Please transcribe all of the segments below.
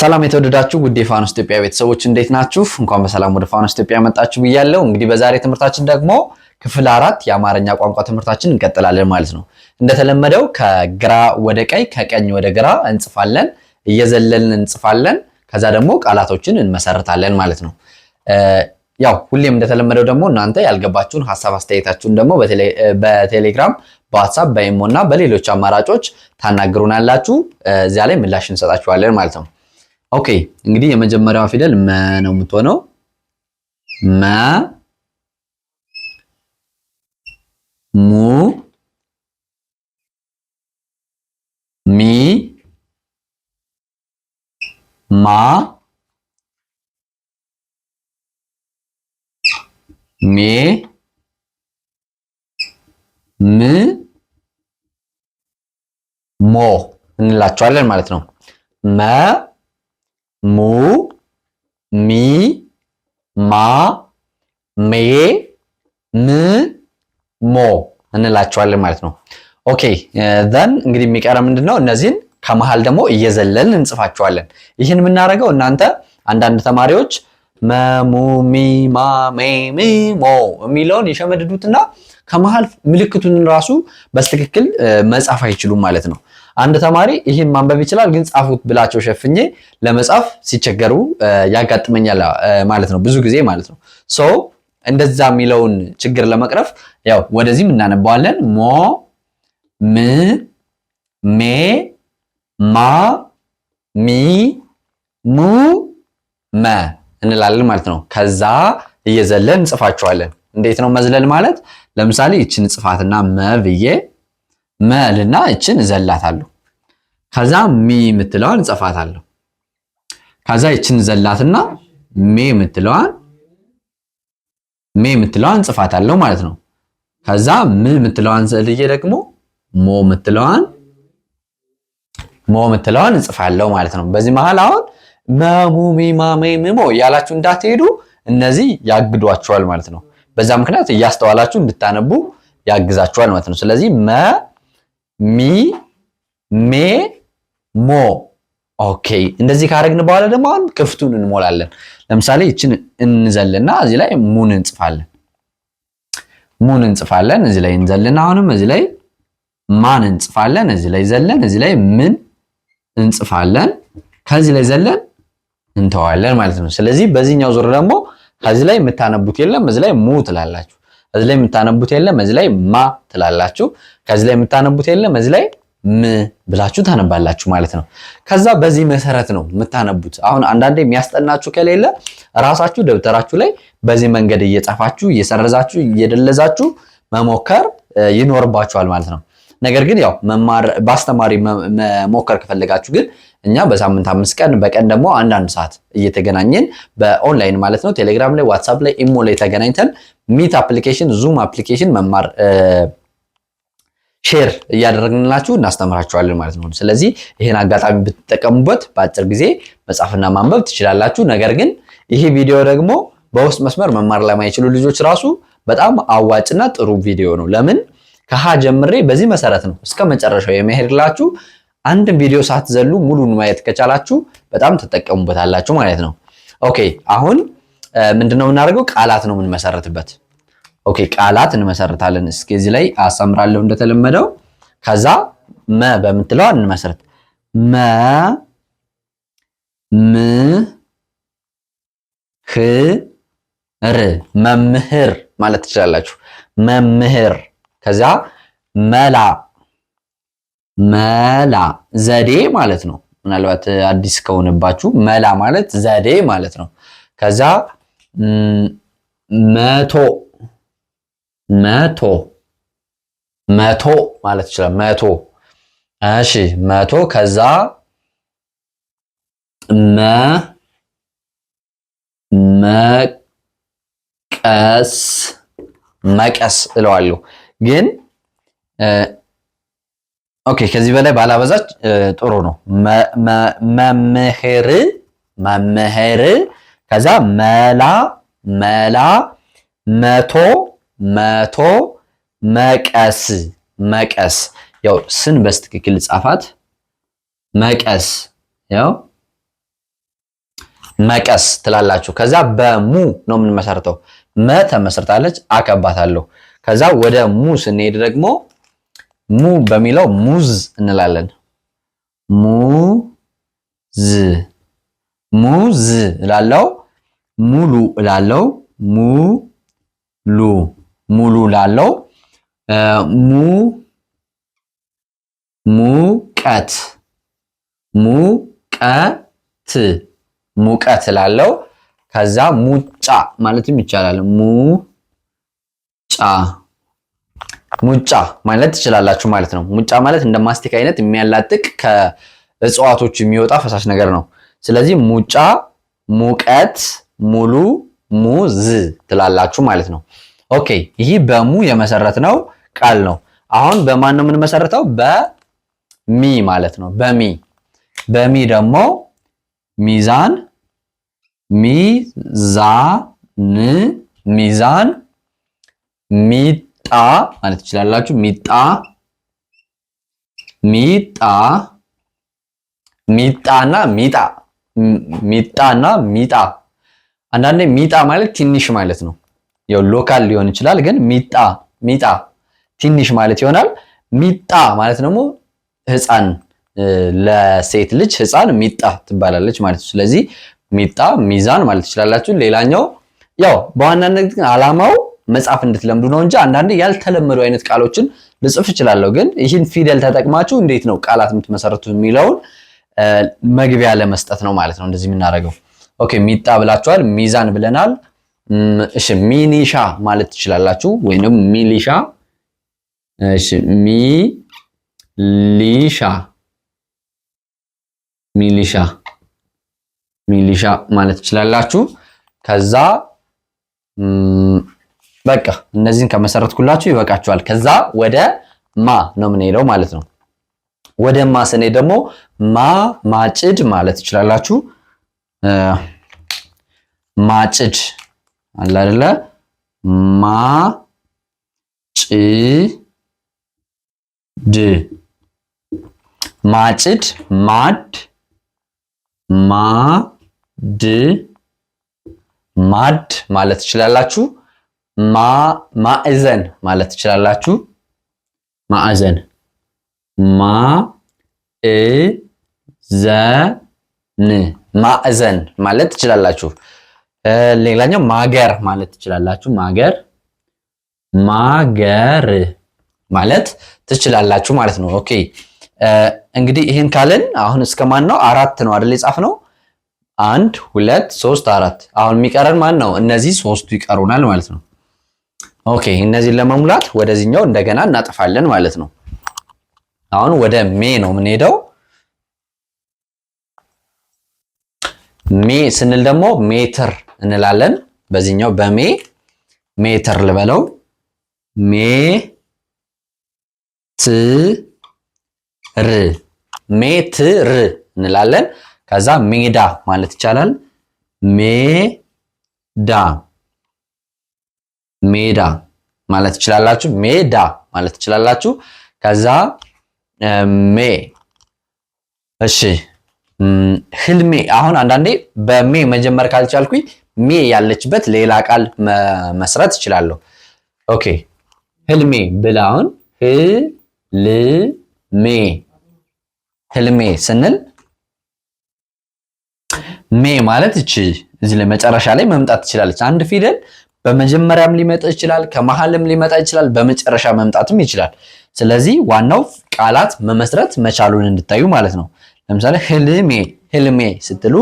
ሰላም የተወደዳችሁ ውድ የፋኖስ ኢትዮጵያ ቤተሰቦች እንዴት ናችሁ? እንኳን በሰላም ወደ ፋኖስ ኢትዮጵያ መጣችሁ ብያለሁ። እንግዲህ በዛሬ ትምህርታችን ደግሞ ክፍል አራት የአማርኛ ቋንቋ ትምህርታችን እንቀጥላለን ማለት ነው። እንደተለመደው ከግራ ወደ ቀኝ፣ ከቀኝ ወደ ግራ እንጽፋለን፣ እየዘለልን እንጽፋለን። ከዛ ደግሞ ቃላቶችን እንመሰርታለን ማለት ነው። ያው ሁሌም እንደተለመደው ደግሞ እናንተ ያልገባችሁን ሀሳብ አስተያየታችሁን ደግሞ በቴሌግራም በዋትሳፕ በኢሞ እና በሌሎች አማራጮች ታናግሩናላችሁ። እዚያ ላይ ምላሽ እንሰጣችኋለን ማለት ነው። ኦኬ እንግዲህ የመጀመሪያዋ ፊደል መ ነው የምትሆነው። መ ሙ ሚ ማ ሜ ም ሞ እንላቸዋለን ማለት ነው። መ ሙ ሚ ማ ሜ ም ሞ እንላቸዋለን ማለት ነው። ኦኬ ዘን እንግዲህ የሚቀረ ምንድን ነው? እነዚህን ከመሀል ደግሞ እየዘለልን እንጽፋቸዋለን። ይህን የምናደርገው እናንተ አንዳንድ ተማሪዎች መሙ ሚ ማ ሜ ሚ ሞ የሚለውን የሸመድዱትና ከመሀል ምልክቱን ራሱ በትክክል መጻፍ አይችሉም ማለት ነው። አንድ ተማሪ ይህን ማንበብ ይችላል፣ ግን ጻፉት ብላቸው ሸፍኜ ለመጻፍ ሲቸገሩ ያጋጥመኛል ማለት ነው፣ ብዙ ጊዜ ማለት ነው። ሶ እንደዛ የሚለውን ችግር ለመቅረፍ ያው ወደዚህም እናነባዋለን። ሞ ም ሜ ማ ሚ ሙ መ እንላለን ማለት ነው። ከዛ እየዘለን እንጽፋቸዋለን። እንዴት ነው መዝለል ማለት? ለምሳሌ ይችን ጽፋትና መ ብዬ መልና እችን ዘላታለሁ። ከዛ ሚ የምትለዋን እጽፋታለሁ። ከዛ እችን ዘላትና ሜ የምትለዋን ሜ የምትለዋን እጽፋታለሁ ማለት ነው። ከዛ ም የምትለዋን ዘልዬ ደግሞ ሞ የምትለዋን ሞ የምትለዋን እንጽፋለሁ ማለት ነው። በዚህ መሀል አሁን መሙ ሚማሜ ምሞ እያላችሁ እንዳትሄዱ እነዚህ ያግዷችኋል ማለት ነው። በዛ ምክንያት እያስተዋላችሁ እንድታነቡ ያግዛችኋል ማለት ነው። ስለዚህ መ ሚ ሜ ሞ ኦኬ። እንደዚህ ካደረግን በኋላ ደግሞ አሁን ክፍቱን እንሞላለን። ለምሳሌ ይችን እንዘልና እዚህ ላይ ሙን እንጽፋለን። ሙን እንጽፋለን እዚህ ላይ እንዘልና አሁንም እዚህ ላይ ማን እንጽፋለን። እዚህ ላይ ዘለን እዚህ ላይ ምን እንጽፋለን። ከዚህ ላይ ዘለን እንተዋለን ማለት ነው። ስለዚህ በዚህኛው ዙር ደግሞ ከዚህ ላይ የምታነቡት የለም እዚህ ላይ ሙ ትላላችሁ። እዚህ ላይ የምታነቡት የለም እዚህ ላይ ማ ትላላችሁ። ከዚህ ላይ የምታነቡት የለም እዚህ ላይ ም ብላችሁ ታነባላችሁ ማለት ነው። ከዛ በዚህ መሰረት ነው የምታነቡት። አሁን አንዳንዴ የሚያስጠናችሁ ከሌለ ራሳችሁ ደብተራችሁ ላይ በዚህ መንገድ እየጻፋችሁ እየሰረዛችሁ እየደለዛችሁ መሞከር ይኖርባችኋል ማለት ነው። ነገር ግን ያው መማር በአስተማሪ መሞከር ከፈለጋችሁ ግን እኛ በሳምንት አምስት ቀን በቀን ደግሞ አንዳንድ ሰዓት እየተገናኘን በኦንላይን ማለት ነው ቴሌግራም ላይ፣ ዋትሳፕ ላይ፣ ኢሞ ላይ ተገናኝተን ሚት አፕሊኬሽን፣ ዙም አፕሊኬሽን መማር ሼር እያደረግንላችሁ እናስተምራችኋለን ማለት ነው። ስለዚህ ይህን አጋጣሚ ብትጠቀሙበት በአጭር ጊዜ መጻፍና ማንበብ ትችላላችሁ። ነገር ግን ይህ ቪዲዮ ደግሞ በውስጥ መስመር መማር ለማይችሉ ልጆች ራሱ በጣም አዋጭና ጥሩ ቪዲዮ ነው። ለምን ከሀ ጀምሬ በዚህ መሰረት ነው እስከ መጨረሻው የመሄድላችሁ አንድን ቪዲዮ ሳትዘሉ ሙሉን ማየት ከቻላችሁ በጣም ትጠቀሙበታላችሁ ማለት ነው። ኦኬ አሁን ምንድነው የምናደርገው? ቃላት ነው የምንመሰርትበት። ኦኬ ቃላት እንመሰርታለን። እስኪ እዚህ ላይ አሳምራለሁ እንደተለመደው። ከዛ መ በምትለው እንመሰርት። መ ም ህ ር መምህር ማለት ትችላላችሁ። መምህር ከዛ መላ መላ ዘዴ ማለት ነው። ምናልባት አዲስ ከሆነባችሁ መላ ማለት ዘዴ ማለት ነው። ከዛ መቶ መቶ መቶ ማለት ይችላል። መቶ እሺ፣ መቶ ከዛ መ መቀስ መቀስ እለዋለሁ ግን ኦኬ ከዚህ በላይ ባላበዛች ጥሩ ነው። መምህር መምህር ከዛ መላ መላ መቶ መቶ መቀስ መቀስ ያው ስን በስትክክል ጻፋት መቀስ ያው መቀስ ትላላችሁ። ከዛ በሙ ነው የምንመሰርተው። መ ተመሰርታለች አከባታለሁ። ከዛ ወደ ሙ ስንሄድ ደግሞ ሙ በሚለው ሙዝ እንላለን። ሙዝ ሙዝ እላለው፣ ሙሉ እላለው፣ ሙሉ ሙሉ እላለው። ሙ ሙቀት ሙቀት ሙቀት እላለው። ከዛ ሙጫ ማለትም ይቻላል ሙጫ ሙጫ ማለት ትችላላችሁ ማለት ነው። ሙጫ ማለት እንደ ማስቲክ አይነት የሚያላጥቅ ከእጽዋቶች የሚወጣ ፈሳሽ ነገር ነው። ስለዚህ ሙጫ፣ ሙቀት፣ ሙሉ፣ ሙዝ ትላላችሁ ማለት ነው። ኦኬ ይህ በሙ የመሰረት ነው ቃል ነው። አሁን በማን ነው የምንመሰረተው? በሚ ማለት ነው። በሚ በሚ ደግሞ ሚዛን፣ ሚዛን፣ ሚዛን ሚት ጣ ማለት ትችላላችሁ። ሚጣ ሚጣ ሚጣና ሚጣ ሚጣና ሚጣ። አንዳንዴ ሚጣ ማለት ትንሽ ማለት ነው። ያው ሎካል ሊሆን ይችላል፣ ግን ሚጣ ሚጣ ትንሽ ማለት ይሆናል። ሚጣ ማለት ደግሞ ህፃን ለሴት ልጅ ህፃን ሚጣ ትባላለች ማለት ነው። ስለዚህ ሚጣ ሚዛን ማለት ትችላላችሁ። ሌላኛው ያው በዋናነት ግን አላማው መጻፍ እንድትለምዱ ነው እንጂ አንዳንዴ ያልተለመዱ አይነት ቃሎችን ልጽፍ እችላለሁ። ግን ይህን ፊደል ተጠቅማችሁ እንዴት ነው ቃላት የምትመሰረቱ የሚለውን መግቢያ ለመስጠት ነው ማለት ነው እንደዚህ የምናደርገው። ኦኬ ሚጣ ብላችኋል፣ ሚዛን ብለናል። እሺ ሚኒሻ ማለት ትችላላችሁ ወይንም ሚሊሻ። እሺ ሊሻ ሚሊሻ ሚሊሻ ማለት ትችላላችሁ። ከዛ በቃ እነዚህን ከመሰረትኩላችሁ ይበቃችኋል። ከዛ ወደ ማ ነው የምንሄደው ማለት ነው። ወደ ማ ስኔ ደግሞ ማ ማጭድ ማለት ትችላላችሁ። ማጭድ አለ አይደለ? ማ ጭ ድ ማጭድ ማድ ማድ ማድ ማለት ትችላላችሁ። ማ ማዕዘን ማለት ትችላላችሁ። ማዕዘን ማ እ ዘ ን ማዕዘን ማለት ትችላላችሁ። ሌላኛው ማገር ማለት ትችላላችሁ። ማገር ማገር ማለት ትችላላችሁ ማለት ነው። ኦኬ እንግዲህ ይህን ካልን አሁን እስከማን ነው? አራት ነው አይደል? የጻፍ ነው አንድ ሁለት ሶስት አራት። አሁን የሚቀረን ማን ነው? እነዚህ ሶስቱ ይቀሩናል ማለት ነው። ኦኬ እነዚህን ለመሙላት ወደዚህኛው እንደገና እናጠፋለን ማለት ነው። አሁን ወደ ሜ ነው የምንሄደው። ሜ ስንል ደግሞ ሜትር እንላለን። በዚህኛው በሜ ሜትር ልበለው። ሜ ት ር ር እንላለን። ከዛ ሜዳ ማለት ይቻላል። ሜዳ ሜዳ ማለት ትችላላችሁ። ሜዳ ማለት ትችላላችሁ። ከዛ ሜ እሺ ህልሜ። አሁን አንዳንዴ በሜ መጀመር ካልቻልኩኝ ሜ ያለችበት ሌላ ቃል መስረት እችላለሁ። ኦኬ ህልሜ ብላ አሁን ህልሜ ህልሜ ስንል ሜ ማለት እቺ እዚህ ላይ መጨረሻ ላይ መምጣት ትችላለች አንድ ፊደል በመጀመሪያም ሊመጣ ይችላል፣ ከመሀልም ሊመጣ ይችላል፣ በመጨረሻ መምጣትም ይችላል። ስለዚህ ዋናው ቃላት መመስረት መቻሉን እንድታዩ ማለት ነው። ለምሳሌ ህልሜ ህልሜ ስትሉ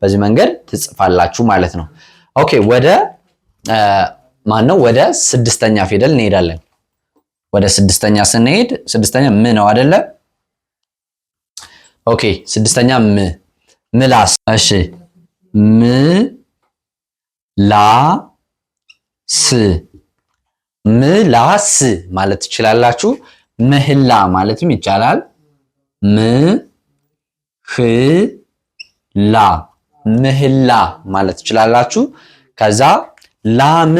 በዚህ መንገድ ትጽፋላችሁ ማለት ነው። ኦኬ ወደ ማን ነው ወደ ስድስተኛ ፊደል እንሄዳለን። ወደ ስድስተኛ ስንሄድ ስድስተኛ ም ነው አይደለ? ኦኬ ስድስተኛ ም ምላስ። እሺ ም ላ ስ ምላስ ማለት ትችላላችሁ። ምህላ ማለትም ይቻላል። ምህላ ምህላ ማለት ትችላላችሁ። ከዛ ላም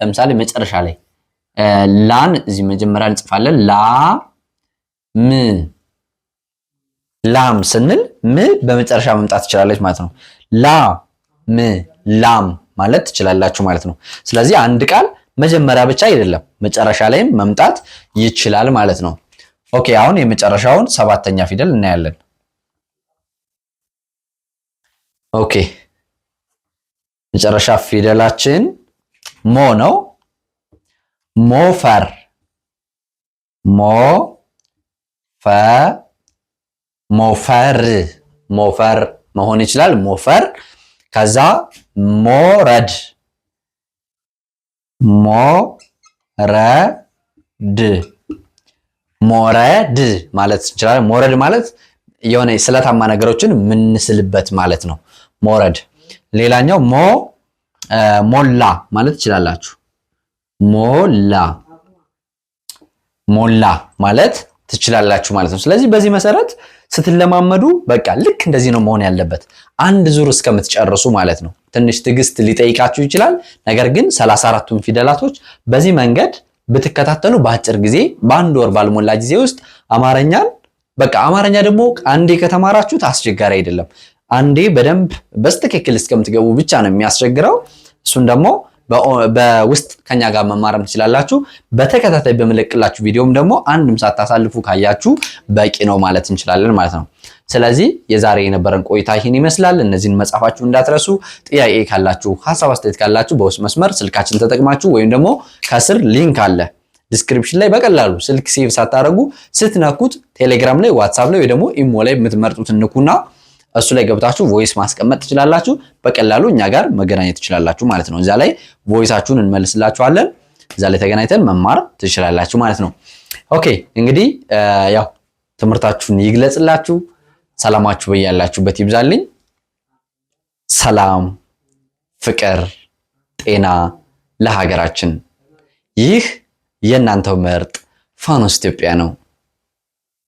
ለምሳሌ መጨረሻ ላይ ላን እዚህ መጀመሪያ እንጽፋለን። ላ ም ላም ስንል ም በመጨረሻ መምጣት ትችላለች ማለት ነው። ላ ም ላም ማለት ትችላላችሁ ማለት ነው። ስለዚህ አንድ ቃል መጀመሪያ ብቻ አይደለም መጨረሻ ላይም መምጣት ይችላል ማለት ነው። ኦኬ አሁን የመጨረሻውን ሰባተኛ ፊደል እናያለን። ኦኬ መጨረሻ ፊደላችን ሞ ነው። ሞፈር ሞ ፈ ሞፈር ሞፈር መሆን ይችላል። ሞፈር ከዛ ሞረድ ሞረድ ሞረድ ማለት እንችላለን። ሞረድ ማለት የሆነ ስለታማ ነገሮችን የምንስልበት ማለት ነው። ሞረድ ሌላኛው ሞ ሞላ ማለት ትችላላችሁ። ሞላ ሞላ ማለት ትችላላችሁ ማለት ነው። ስለዚህ በዚህ መሰረት ስትለማመዱ በቃ ልክ እንደዚህ ነው መሆን ያለበት አንድ ዙር እስከምትጨርሱ ማለት ነው። ትንሽ ትዕግስት ሊጠይቃችሁ ይችላል። ነገር ግን ሰላሳ አራቱን ፊደላቶች በዚህ መንገድ ብትከታተሉ በአጭር ጊዜ በአንድ ወር ባልሞላ ጊዜ ውስጥ አማርኛን በቃ አማርኛ ደግሞ አንዴ ከተማራችሁት አስቸጋሪ አይደለም። አንዴ በደንብ በስትክክል እስከምትገቡ ብቻ ነው የሚያስቸግረው። እሱን ደግሞ በውስጥ ከኛ ጋር መማረም ትችላላችሁ። በተከታታይ በመለቅላችሁ ቪዲዮም ደግሞ አንድም ሳታሳልፉ ካያችሁ በቂ ነው ማለት እንችላለን ማለት ነው። ስለዚህ የዛሬ የነበረን ቆይታ ይህን ይመስላል። እነዚህን መጻፋችሁ እንዳትረሱ። ጥያቄ ካላችሁ፣ ሀሳብ አስተያየት ካላችሁ በውስጥ መስመር ስልካችን ተጠቅማችሁ ወይም ደግሞ ከስር ሊንክ አለ ዲስክሪፕሽን ላይ በቀላሉ ስልክ ሴቭ ሳታደረጉ ስትነኩት ቴሌግራም ላይ፣ ዋትሳፕ ላይ ወይ ደግሞ ኢሞ ላይ የምትመርጡት ንኩና እሱ ላይ ገብታችሁ ቮይስ ማስቀመጥ ትችላላችሁ። በቀላሉ እኛ ጋር መገናኘት ትችላላችሁ ማለት ነው። እዛ ላይ ቮይሳችሁን እንመልስላችኋለን። እዛ ላይ ተገናኝተን መማር ትችላላችሁ ማለት ነው። ኦኬ እንግዲህ ያው ትምህርታችሁን ይግለጽላችሁ። ሰላማችሁ በያላችሁበት ይብዛልኝ። ሰላም፣ ፍቅር፣ ጤና ለሀገራችን። ይህ የእናንተው ምርጥ ፋኖስ ኢትዮጵያ ነው።